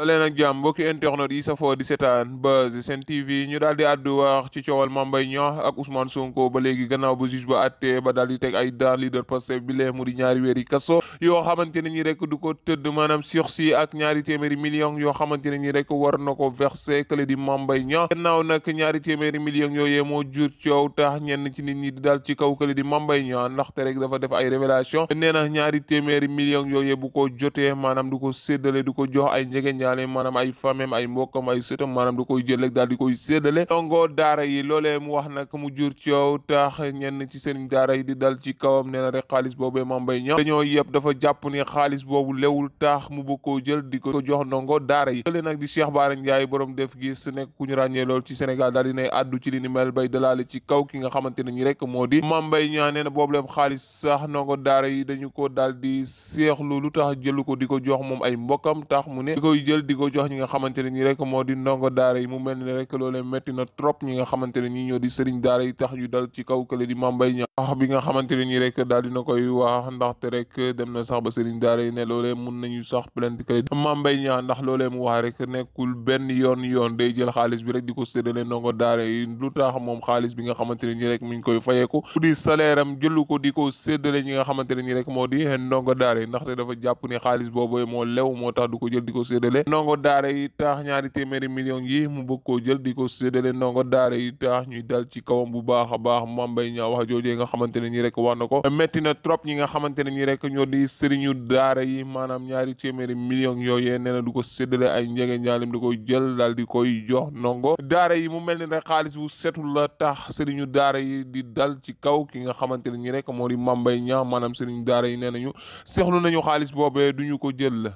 doo leen ak jàmm mbokki internet yi safoo di seetaan Buzz Sen TV ñu daal di àddu wax ci coowal Mame Mbaye ak Ousmane Sonko ba léegi gannaaw ba juge ba àtte ba daal di teg ay daan leader Pastef bi lee mu di ñaari weeri kaso yoo xamante ne ñi rek du ko tëdd maanaam sursis ak ñaari téeméeri million yoo xamante ne ñi rek war na ko versé kële di Mame Mbaye Niang ñaari téeméeri millions yooyee moo jur coow tax ñenn ci nit ñi di daal ci kaw kële di Mame Mbaye Niang ndaxte rek dafa def ay révélation nee na ñaari téeméeri millions yooyee bu ko jotee maanaam du ko séddale du ko jox ay njege Sénégal yi maanaam ay famem ay mbokkam ay sëtam da koy jël rek daal di koy séddale ndongo daara yi loolee mu wax nag mu jur coow tax ñenn ci seen daara yi di dal ci xaalis boobu Mame Mbaye Niang dañoo yëpp dafa jàpp ni xaalis boobu lewul tax mu bëgg koo jël di ko jox ndongo daara yi loolee nag di Cheikh Bara Ndiaye borom def gis nekk ku ñu ràññee lool ci Sénégal daal di nay addu ci li ni mel bay dalaale ci kaw ki nga xamante ne ñi rek moo di Mame Mbaye Niang nee na boobu lépp xaalis sax ndongo daara yi dañu ko dal di seexlu lu tax jëlu ko di ko jox moom ay mbokkam tax mu ne di koy jël jël di ko jox ñi nga xamante ne nii rek moo di ndongo daara yi mu mel ni rek loolee métti na trop ñi nga xamante ne nii ñoo di sëriñ daara yi tax yu dal ci kaw kële di mambay ña wax bi nga xamante ne nii rek daal dina koy wax ndaxte rek dem na sax ba sëriñ daara yi ne loolee mun nañu sax plainte kële mambay ña ndax loolee mu wax rek nekkul benn yoon yoon day jël xaalis bi rek di ko séddale ndongo daara yi lu tax moom xaalis bi nga xamante ne nii rek mu ngi koy fayeeku bu di salaire am jëlu ko di ko séddale ñi nga xamante ne nii rek moo di ndongo daara ndax ndaxte dafa jàpp ne xaalis boobu moo lew moo tax du ko jël di ko séddale ndongo daara yi tax ñaari téeméeri millions yi mu bëgg koo jël di ko séddale ndongo daara yi tax ñuy dal ci kawam bu baax a baax Mame Mbaye Niang wax joojee nga xamante ne ñi rek wax na ko métti na trop ñi nga xamante ne ñi rek ñoo di sëriñu daara yi maanaam ñaari téeméeri millions yooyee nee na du ko séddale ay njege njaalim di koy jël daal di koy jox ndongo daara yi mu mel ni rek xaalis bu setul la tax sëriñu daara yi di dal ci kaw ki nga xamante ne ñi rek moo di Mame Mbaye Niang maanaam sëriñu daara yi nee nañu seexlu nañu xaalis boobee duñu ko jël